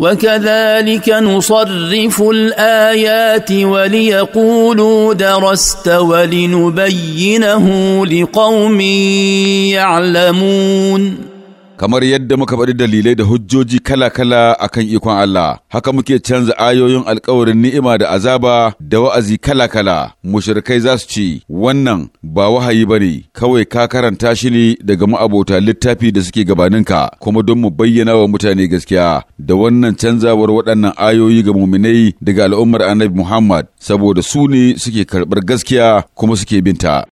وكذلك نصرف الايات وليقولوا درست ولنبينه لقوم يعلمون kamar yadda muka faɗi dalilai da hujjoji kala-kala a kan ikon Allah, haka muke canza ayoyin alkawarin ni'ima da azaba da wa'azi kala-kala, mushrikai za su ci. wannan ba wahayi ba ne, kawai ka karanta shi ne daga ma'abota littafi da suke gabaninka, kuma don mu bayyana wa mutane gaskiya da wannan canzawar waɗannan ayoyi ga muminai daga al'ummar annabi Muhammad, saboda su ne suke karɓar gaskiya kuma suke binta.